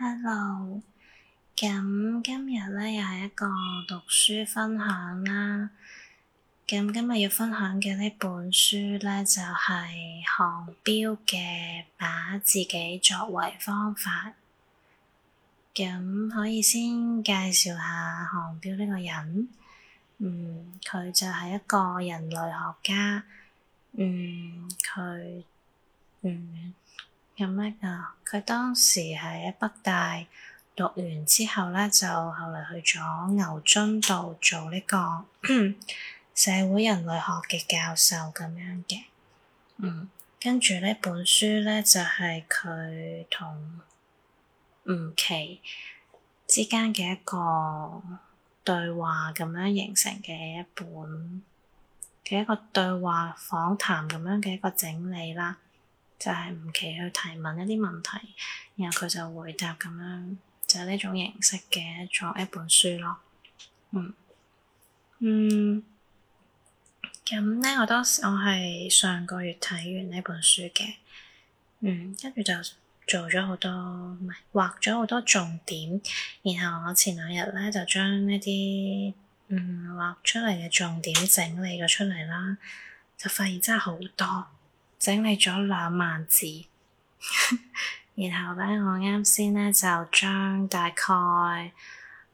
hello，咁今日咧又係一個讀書分享啦。咁今日要分享嘅呢本書咧就係、是、項飆嘅《把自己作為方法》。咁可以先介紹下項飆呢個人。嗯，佢就係一個人類學家。嗯，佢嗯。有咩噶？佢、嗯、當時喺北大讀完之後咧，就後嚟去咗牛津度做呢、呢個社會人類學嘅教授咁樣嘅。嗯，跟住呢本書咧，就係佢同吳琦之間嘅一個對話咁樣形成嘅一本嘅一個對話訪談咁樣嘅一個整理啦。就係吳琦去提問一啲問題，然後佢就回答咁樣，就係呢種形式嘅作一本書咯。嗯嗯，咁咧，我當時我係上個月睇完呢本書嘅，嗯，跟住就做咗好多，唔係畫咗好多重點，然後我前兩日咧就將呢啲嗯畫出嚟嘅重點整理咗出嚟啦，就發現真係好多。整理咗兩萬字， 然後咧，我啱先咧就將大概誒、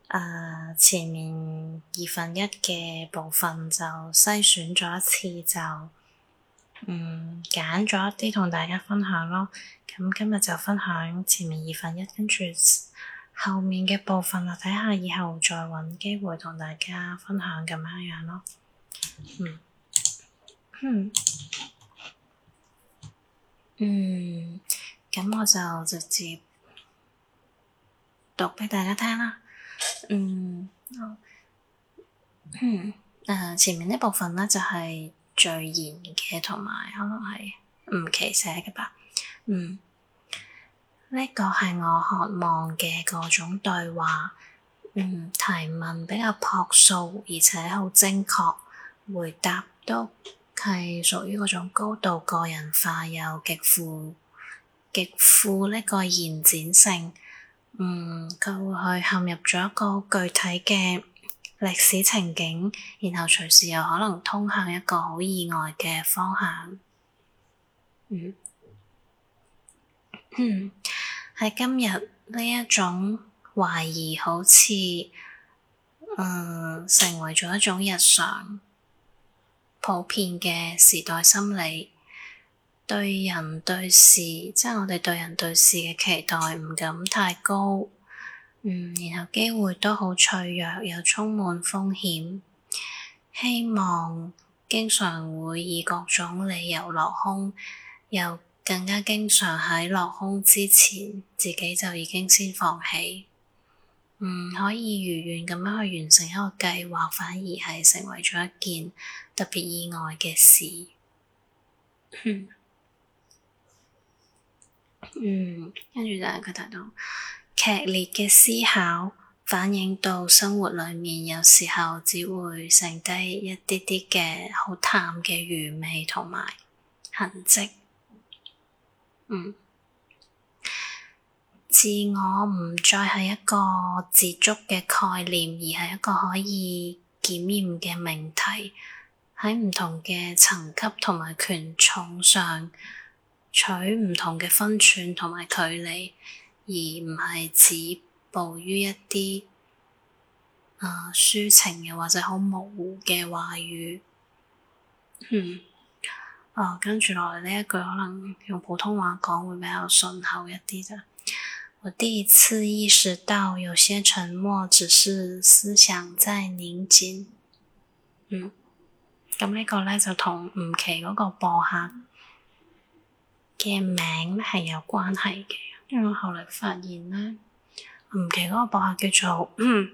呃、前面二分一嘅部分就篩選咗一次，就嗯揀咗一啲同大家分享咯。咁、嗯、今日就分享前面二分一，跟住後面嘅部分，我睇下以後再揾機會同大家分享咁樣樣咯。嗯，哼、嗯。嗯，咁我就直接讀畀大家聽啦。嗯，誒前面呢部分呢就係序言嘅，同埋可能係吳琦寫嘅吧。嗯，哦嗯呃、呢個係、就是嗯、我渴望嘅各種對話。嗯，提問比較樸素，而且好正確，回答都。係屬於嗰種高度個人化又極富極富呢個延展性，嗯，佢會去陷入咗一個具體嘅歷史情景，然後隨時又可能通向一個好意外嘅方向。嗯，喺 今日呢一種懷疑好似，嗯，成為咗一種日常。普遍嘅時代心理，對人對事，即係我哋對人對事嘅期待，唔敢太高。嗯，然後機會都好脆弱，又充滿風險，希望經常會以各種理由落空，又更加經常喺落空之前，自己就已經先放棄。唔、嗯、可以如願咁樣去完成一個計劃，反而係成為咗一件特別意外嘅事。 嗯，跟住就係佢提到劇烈嘅思考，反映到生活裏面，有時候只會剩低一啲啲嘅好淡嘅餘味同埋痕跡。嗯。自我唔再係一個自足嘅概念，而係一個可以檢驗嘅命題，喺唔同嘅層級同埋權重上取唔同嘅分寸同埋距離，而唔係止步於一啲啊、呃、抒情嘅或者好模糊嘅話語。嗯，啊跟住落嚟呢一句，可能用普通話講會比較順口一啲咋。我第一次意識到，有些沉默只是思想在擰緊。嗯，咁呢個咧就同吳琦嗰個播客嘅名係有關係嘅，因為我後嚟發現咧，吳琦嗰個播客叫做嗯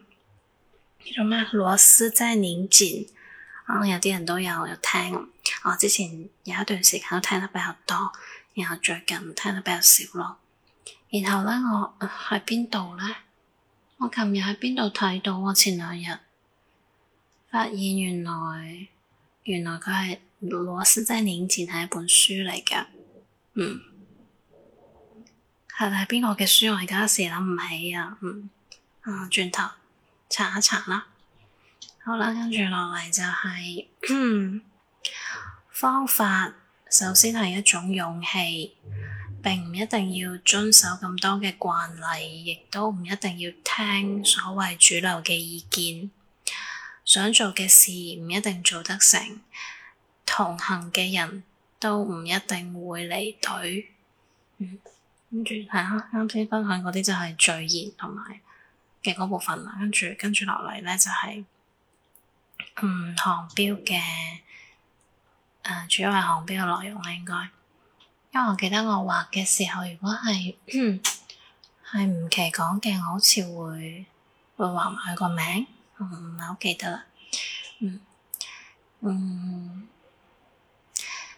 叫做咩螺絲在擰緊啊，有啲人都有有聽，我、哦、之前有一段時間都聽得比較多，然後最近聽得比較少咯。然後咧，我喺邊度咧？我琴日喺邊度睇到，我前兩日發現原來原來佢係羅斯真年前係一本書嚟嘅。嗯，係係邊個嘅書？我而家一時諗唔起啊，嗯啊，轉頭查一查啦。好啦，跟住落嚟就係、是、方法，首先係一種勇氣。並唔一定要遵守咁多嘅慣例，亦都唔一定要聽所謂主流嘅意見。想做嘅事唔一定做得成，同行嘅人都唔一定會離隊，嗯。跟住係啊，啱先分享嗰啲就係序言同埋嘅嗰部分啦。跟住跟住落嚟咧就係、是、嗯項飆嘅、誒、呃、主要係項飆嘅內容啦，應該。因為我記得我畫嘅時候，如果係係吳琦講嘅，我好似會會畫埋佢個名，唔係好記得啦。嗯嗯，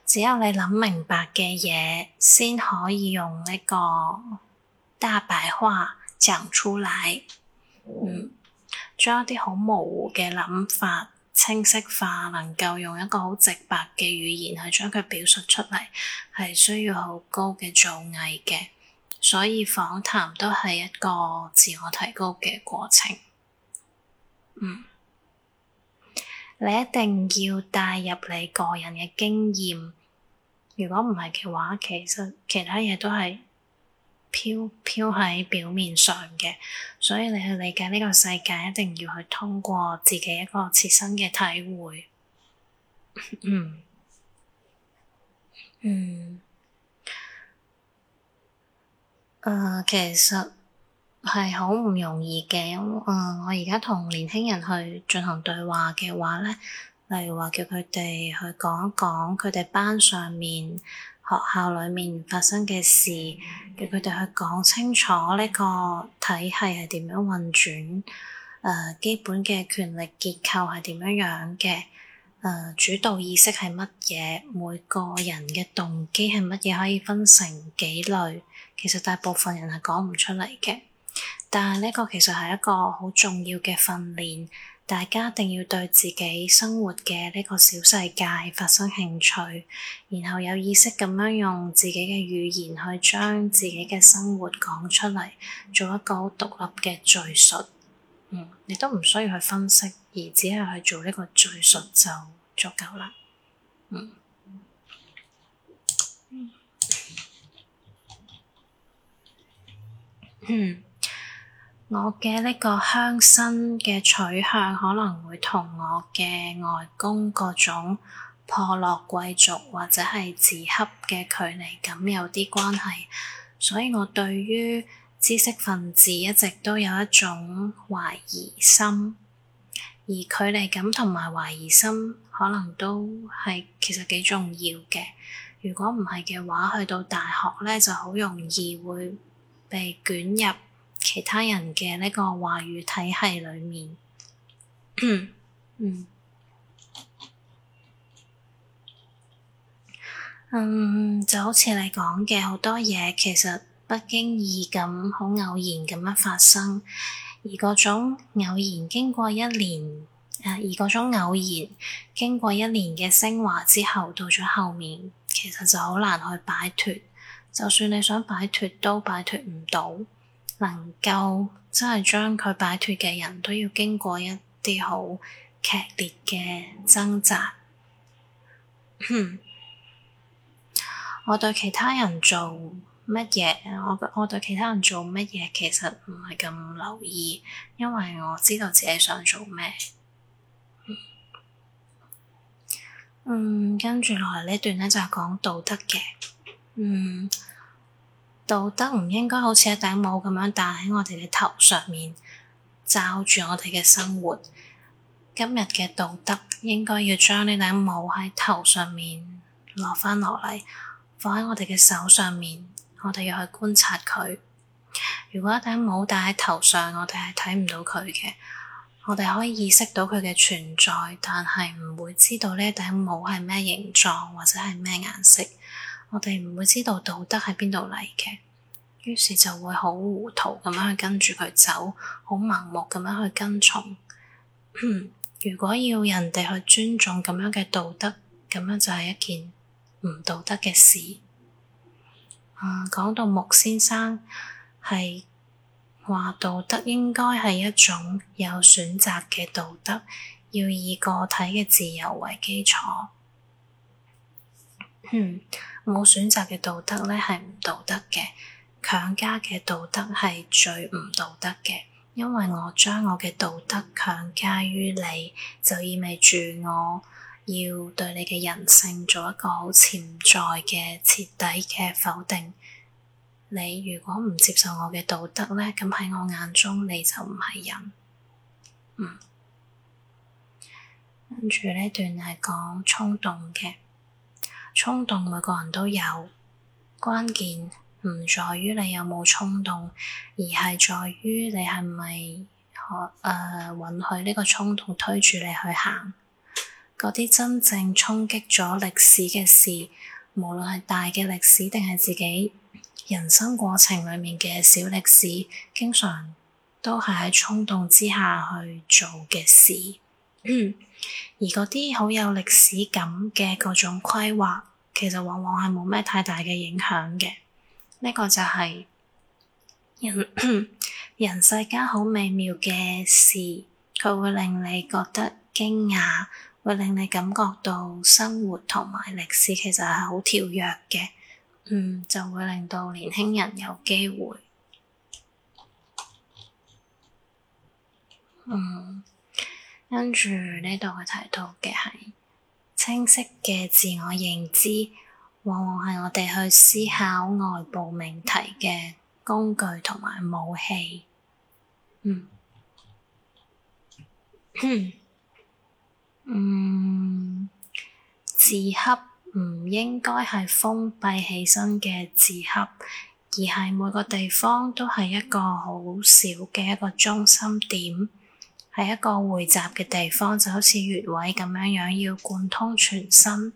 只有你諗明白嘅嘢，先可以用呢個大白話講出嚟，嗯，將一啲好模糊嘅諗法。清晰化，能夠用一個好直白嘅語言去將佢表述出嚟，係需要好高嘅造詣嘅。所以訪談都係一個自我提高嘅過程。嗯，你一定要帶入你個人嘅經驗，如果唔係嘅話，其實其他嘢都係。飄飄喺表面上嘅，所以你去理解呢個世界，一定要去通過自己一個切身嘅體會。 嗯嗯啊、呃，其實，係好唔容易嘅、呃。我而家同年輕人去進行對話嘅話咧，例如話叫佢哋去講一講，佢哋班上面，學校裡面發生嘅事，叫佢哋去講清楚呢個體系係點樣運轉，誒、呃、基本嘅權力結構係點樣樣嘅，誒、呃、主導意識係乜嘢，每個人嘅動機係乜嘢，可以分成幾類。其實大部分人係講唔出嚟嘅，但係呢個其實係一個好重要嘅訓練。大家一定要對自己生活嘅呢個小世界發生興趣，然後有意識咁樣用自己嘅語言去將自己嘅生活講出嚟，做一個好獨立嘅敘述。嗯，你都唔需要去分析，而只係去做呢個敘述就足夠啦。嗯。嗯。 我嘅呢個鄉紳嘅取向可能會同我嘅外公嗰種破落貴族或者係自吸嘅距離感有啲關係，所以我對於知識分子一直都有一種懷疑心，而距離感同埋懷疑心可能都係其實幾重要嘅。如果唔係嘅話，去到大學咧就好容易會被捲入。其他人嘅呢個話語體系裡面，嗯，嗯，就好似你講嘅好多嘢，其實不經意咁，好偶然咁樣發生。而嗰種偶然經過一年，啊、而嗰種偶然經過一年嘅升華之後，到咗後面，其實就好難去擺脱。就算你想擺脱，都擺脱，都擺脱唔到。能夠真係將佢擺脱嘅人，都要經過一啲好劇烈嘅掙扎。 我我。我對其他人做乜嘢，我我對其他人做乜嘢，其實唔係咁留意，因為我知道自己想做咩、 嗯就是。嗯，跟住落嚟呢段咧就係講道德嘅，嗯。道德唔應該好似一頂帽咁樣戴喺我哋嘅頭上面，罩住我哋嘅生活。今日嘅道德應該要將呢頂帽喺頭上面落翻落嚟，放喺我哋嘅手上面，我哋要去觀察佢。如果一頂帽戴喺頭上，我哋係睇唔到佢嘅。我哋可以意識到佢嘅存在，但係唔會知道呢頂帽係咩形狀或者係咩顏色。我哋唔會知道道德喺邊度嚟嘅。於是就會好糊塗咁樣去跟住佢走，好盲目咁樣去跟從。 如果要人哋去尊重咁樣嘅道德，咁樣就係一件唔道德嘅事。嗯，講到穆先生係話道德應該係一種有選擇嘅道德，要以個體嘅自由為基礎。冇、嗯、選擇嘅道德咧，係唔道德嘅。強加嘅道德係最唔道德嘅，因為我將我嘅道德強加於你，就意味住我要對你嘅人性做一個好潛在嘅徹底嘅否定。你如果唔接受我嘅道德咧，咁喺我眼中你就唔係人。嗯，跟住呢段係講衝動嘅，衝動每個人都有，關鍵。唔在於你有冇衝動，而係在於你係咪可誒允許呢個衝動推住你去行嗰啲真正衝擊咗歷史嘅事。無論係大嘅歷史定係自己人生過程裡面嘅小歷史，經常都係喺衝動之下去做嘅事。嗯，而嗰啲好有歷史感嘅嗰種規劃，其實往往係冇咩太大嘅影響嘅。呢個就係人， 人世間好美妙嘅事，佢會令你覺得驚訝，會令你感覺到生活同埋歷史其實係好跳躍嘅。嗯，就會令到年輕人有機會。嗯，跟住呢度佢提到嘅係清晰嘅自我認知，往往係我哋去思考外部命題嘅工具同埋武器。嗯， 嗯，自洽唔應該係封閉起身嘅自洽，而係每個地方都係一個好小嘅一個中心點，係一個匯集嘅地方，就好似穴位咁樣樣，要貫通全身。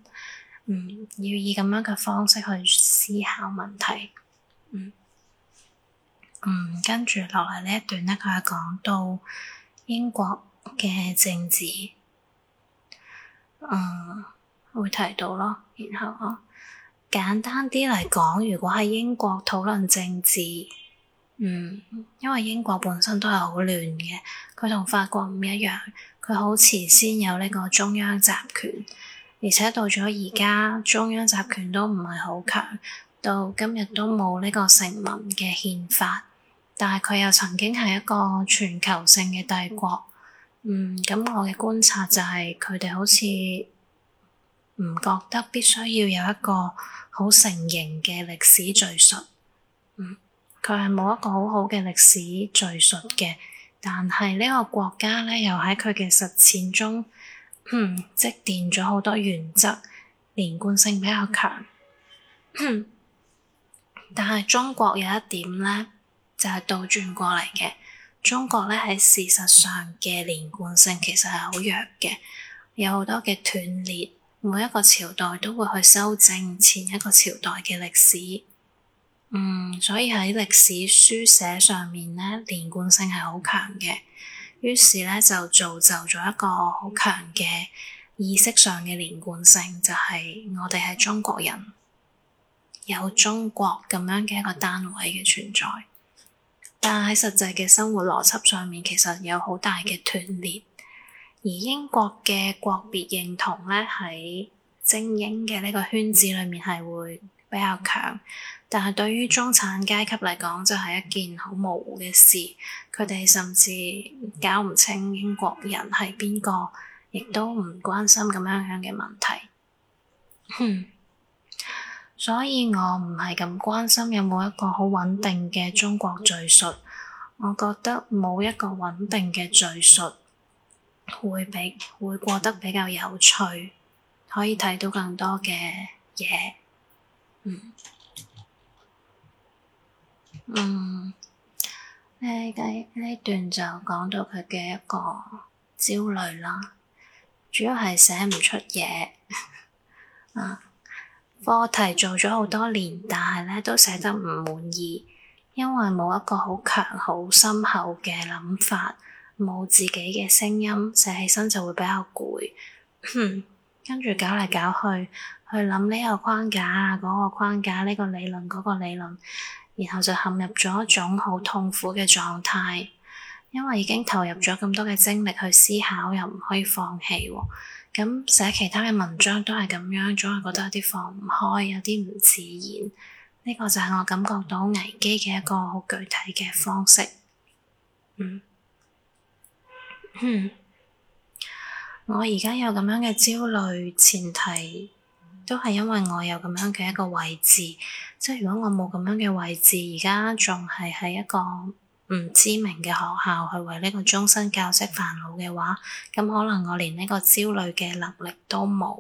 嗯，要以咁樣嘅方式去思考問題。嗯，嗯，跟住落嚟呢一段咧，佢係講到英國嘅政治，嗯，會提到咯。然後我簡單啲嚟講，如果喺英國討論政治，嗯，因為英國本身都係好亂嘅，佢同法國唔一樣，佢好遲先有呢個中央集權。而且到咗而家，中央集權都唔係好強，到今日都冇呢個成文嘅憲法。但係佢又曾經係一個全球性嘅帝國。嗯，咁我嘅觀察就係佢哋好似唔覺得必須要有一個好成形嘅歷史敘述。嗯，佢係冇一個好好嘅歷史敘述嘅，但係呢個國家咧又喺佢嘅實踐中。嗯，積澱咗好多原則，連貫性比較強。 但係中國有一點呢，就係、是、倒轉過嚟嘅。中國呢，喺事實上嘅連貫性其實係好弱嘅，有好多嘅斷裂。每一個朝代都會去修正前一個朝代嘅歷史。嗯，所以喺歷史書寫上面呢，連貫性係好強嘅。於是咧，就造就咗一個好強嘅意識上嘅連貫性，就係我哋係中國人，有中國咁樣嘅一個單位嘅存在。但喺實際嘅生活邏輯上面，其實有好大嘅斷裂。而英國嘅國別認同咧，喺精英嘅呢個圈子裏面係會比較強。但係對於中產階級嚟講，就係一件好模糊嘅事。佢哋甚至搞唔清英國人係邊個，亦都唔關心咁樣樣嘅問題。哼，所以我唔係咁關心有冇一個好穩定嘅中國敘述。我覺得冇一個穩定嘅敘述，會比會過得比較有趣，可以睇到更多嘅嘢。嗯。嗯，呢啲呢段就講到佢嘅一個焦慮啦，主要係寫唔出嘢。啊，課題做咗好多年，但係咧都寫得唔滿意，因為冇一個好強、好深厚嘅諗法，冇自己嘅聲音，寫起身就會比較攰。跟住搞嚟搞去，去諗呢個框架啊，嗰個框架，呢個理論，嗰個理論。這個理論然後就陷入咗一種好痛苦嘅狀態，因為已經投入咗咁多嘅精力去思考，又唔可以放棄。咁寫其他嘅文章都係咁樣，總係覺得有啲放唔開，有啲唔自然。呢個就係我感覺到危機嘅一個好具體嘅方式。嗯， 我而家有咁樣嘅焦慮前提。都係因為我有咁樣嘅一個位置，即係如果我冇咁樣嘅位置，而家仲係喺一個唔知名嘅學校去為呢個終身教職煩惱嘅話，咁可能我連呢個焦慮嘅能力都冇。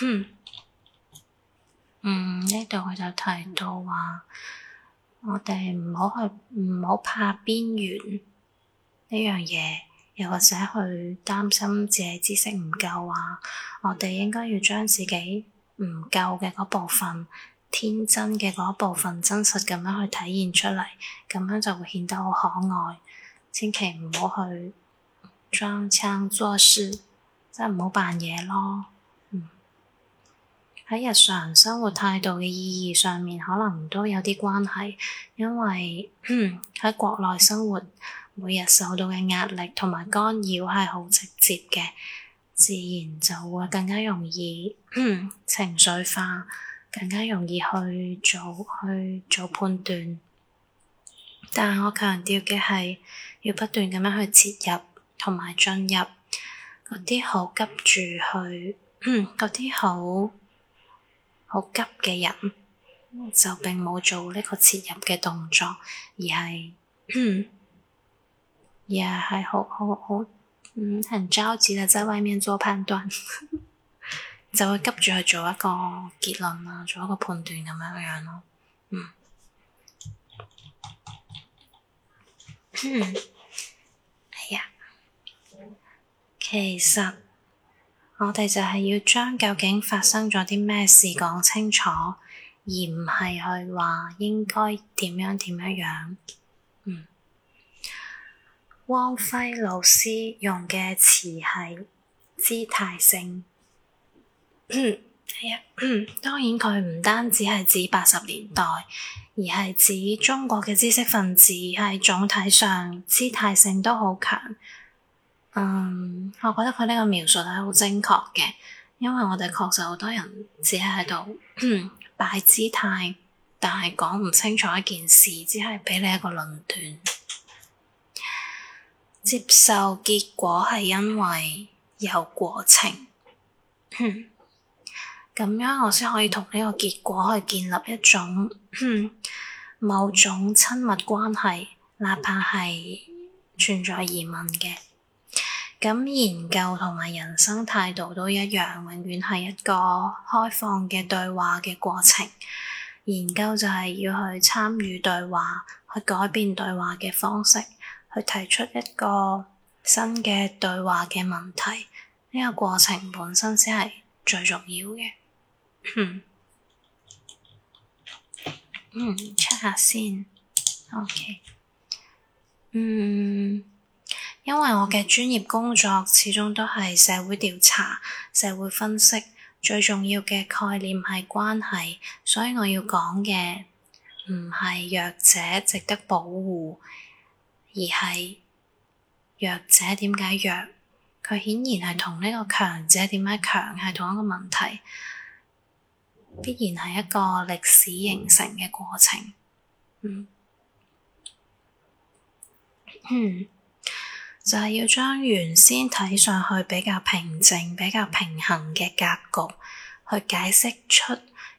嗯，嗯，呢度佢就提到話啊，我哋唔好去，唔好怕邊緣呢樣嘢。又或者去擔心自己知識唔夠啊，我哋應該要將自己唔夠嘅嗰部分、天真嘅嗰部分、真實咁樣去體現出嚟，咁樣就會顯得好可愛。千祈唔好去裝腔作勢，即係唔好扮嘢咯。嗯，喺日常生活態度嘅意義上面，可能都有啲關係，因為喺，嗯，國內生活。每日受到嘅壓力同埋干擾係好直接嘅，自然就會更加容易情緒化，更加容易去做去做判斷。但係我強調嘅係要不斷咁樣去切入同埋進入嗰啲好急住去，嗰啲好好急嘅人，就並冇做呢個切入嘅動作，而係。也係好好好，嗯、yeah，很着急的，在外面做判斷， 就會急住去做一個結論啊，做一個判斷咁樣樣咯，嗯，係 啊、哎呀，其實我哋就係要將究竟發生咗啲咩事講清楚，而唔係去話應該點樣點樣樣。汪輝老師用嘅詞係姿態性，係 當然佢唔單止係指八十年代，而係指中國嘅知識分子係總體上姿態性都好強。嗯，我覺得佢呢個描述係好正確嘅，因為我哋確實好多人只係喺度擺姿態，但係講唔清楚一件事，只係俾你一個論斷。接受結果係因為有過程，咁 樣我先可以同呢個結果去建立一種 某種親密關係，哪怕係存在疑問嘅。咁研究同埋人生態度都一樣，永遠係一個開放嘅對話嘅過程。研究就係要去參與對話，去改變對話嘅方式。去提出一個新嘅對話嘅問題，呢個過程本身先係最重要嘅。嗯，check 下先。OK，嗯，因為我嘅專業工作始終都係社會調查、社會分析，最重要嘅概念係關係，所以我要講嘅唔係弱者值得保護。而係弱者點解弱？佢顯然係同呢個強者點解強，係同一個問題，必然係一個歷史形成嘅過程。嗯，嗯就係、是、要將原先睇上去比較平靜、比較平衡嘅格局，去解釋出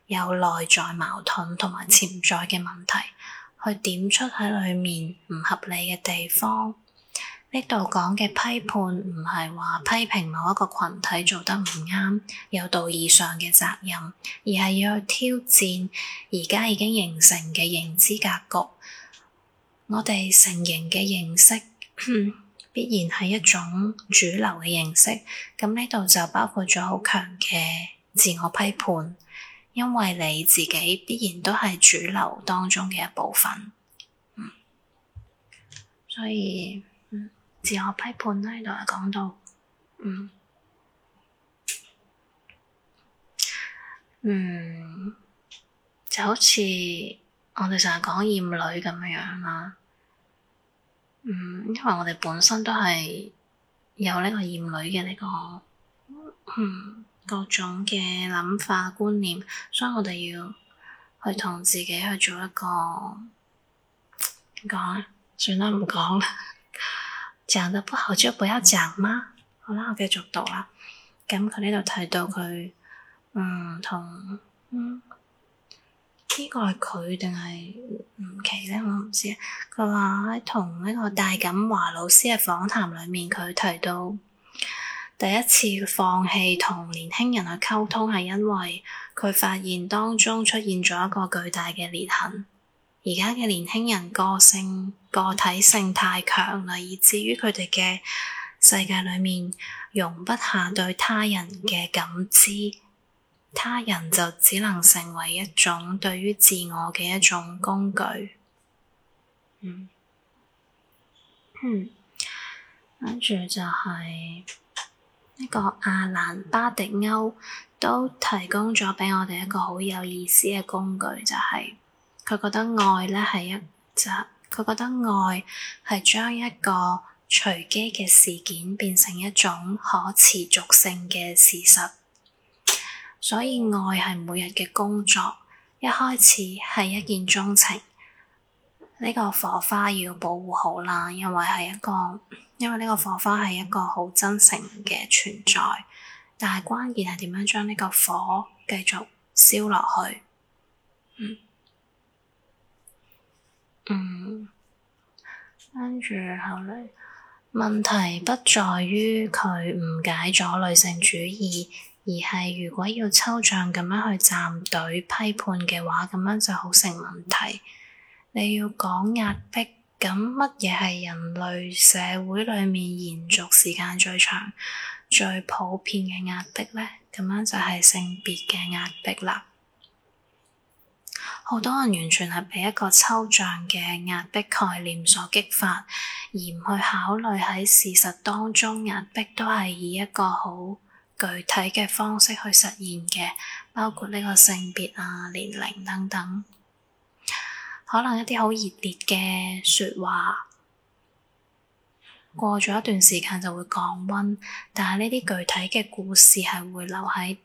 有內在矛盾同埋潛在嘅問題。去點出喺裏面唔合理嘅地方，呢度講嘅批判唔係話批評某一個群體做得唔啱，有道義上嘅責任，而係要去挑戰而家已經形成嘅認知格局。我哋成形嘅認識必然係一種主流嘅認識，咁呢度就包括咗好強嘅自我批判。因為你自己必然都係主流當中嘅一部分，嗯、所以、嗯，自我批判呢度係講到，嗯，嗯，就好似我哋成日講厭女咁樣啦，嗯，因為我哋本身都係有呢個厭女嘅呢、這個，嗯。各種嘅諗法觀念，所以我哋要去同自己去做一個點講？算啦，唔講啦。講 得不好就不要講嗎？嗯、好啦，我繼續讀啦。咁佢呢度提到佢，嗯，同，嗯這個、呢個係佢定係吳奇咧？我唔知啊。佢話喺同呢個戴錦華老師嘅訪談裏面，佢提到，第一次放棄同年輕人去溝通，係因為佢發現當中出現咗一個巨大嘅裂痕。而家嘅年輕人個性個體性太強啦，以至於佢哋嘅世界裡面容不下對他人嘅感知，他人就只能成為一種對於自我嘅一種工具。嗯，哼、嗯，跟住就係、是。一個阿蘭巴迪歐都提供咗畀我哋一個好有意思嘅工具，就係、是、佢覺得愛咧係一集，佢覺得愛係將一個隨機嘅事件變成一種可持續性嘅事實。所以愛係每日嘅工作，一開始係一見鍾情，呢、這個火花要保護好啦，因為係一個。因為呢個火花係一個好真誠嘅存在，但係關鍵係點樣將呢個火繼續燒落去。嗯嗯，跟住後嚟，問題不在於佢誤解咗女性主義，而係如果要抽象咁樣去站隊批判嘅話，咁樣就好成問題。你要講壓迫。咁乜嘢係人類社會裡面延續時間最長、最普遍嘅壓迫呢？咁樣就係性別嘅壓迫啦。好多人完全係被一個抽象嘅壓迫概念所激發，而唔去考慮喺事實當中壓迫都係以一個好具體嘅方式去實現嘅，包括呢個性別啊、年齡等等。可能一啲好熱烈嘅説話，過咗一段時間就會降溫，但係呢啲具體嘅故事係會留喺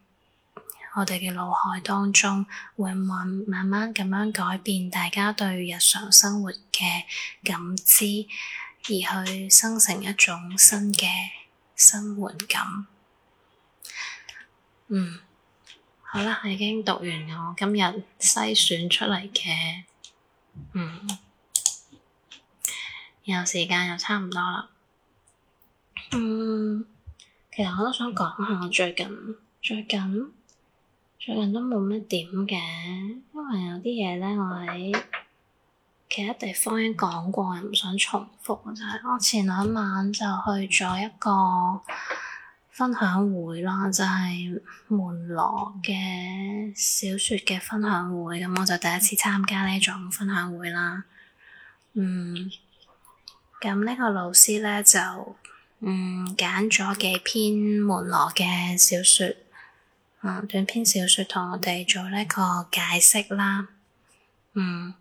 我哋嘅腦海當中，會，會慢慢慢咁樣改變大家對日常生活嘅感知，而去生成一種新嘅生活感。嗯，好啦，已經讀完我今日篩選出嚟嘅。嗯，然後時間又差唔多啦。嗯，其實我都想講下最近最近最近都冇乜點嘅，因為有啲嘢咧我喺其他地方已經講過，又唔想重複。就係我前兩晚就去咗一個分享會啦，就係門羅嘅小説嘅分享會，咁、就是、我就第一次參加呢一種分享會啦。嗯，咁呢個老師咧就，嗯，揀咗幾篇門羅嘅小説，啊、嗯，短篇小説同我哋做呢個解釋啦，嗯，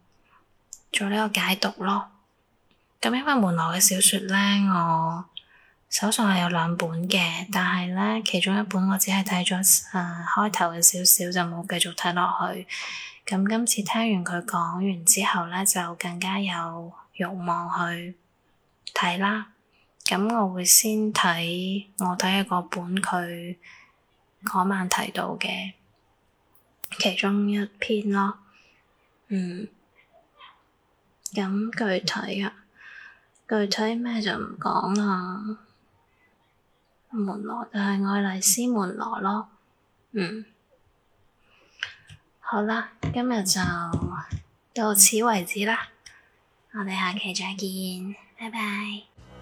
做呢個解讀咯。咁因為門羅嘅小説咧，我。手上係有兩本嘅，但係咧其中一本我只係睇咗誒開頭嘅少少，就冇繼續睇落去。咁今次聽完佢講完之後咧，就更加有慾望去睇啦。咁我會先睇我睇嘅嗰本佢嗰晚提到嘅其中一篇咯。嗯，咁具體啊，具體咩就唔講啦。門羅就係、是、愛麗絲門羅咯，嗯，好啦，今日就到此為止啦，我哋下期再見，拜拜。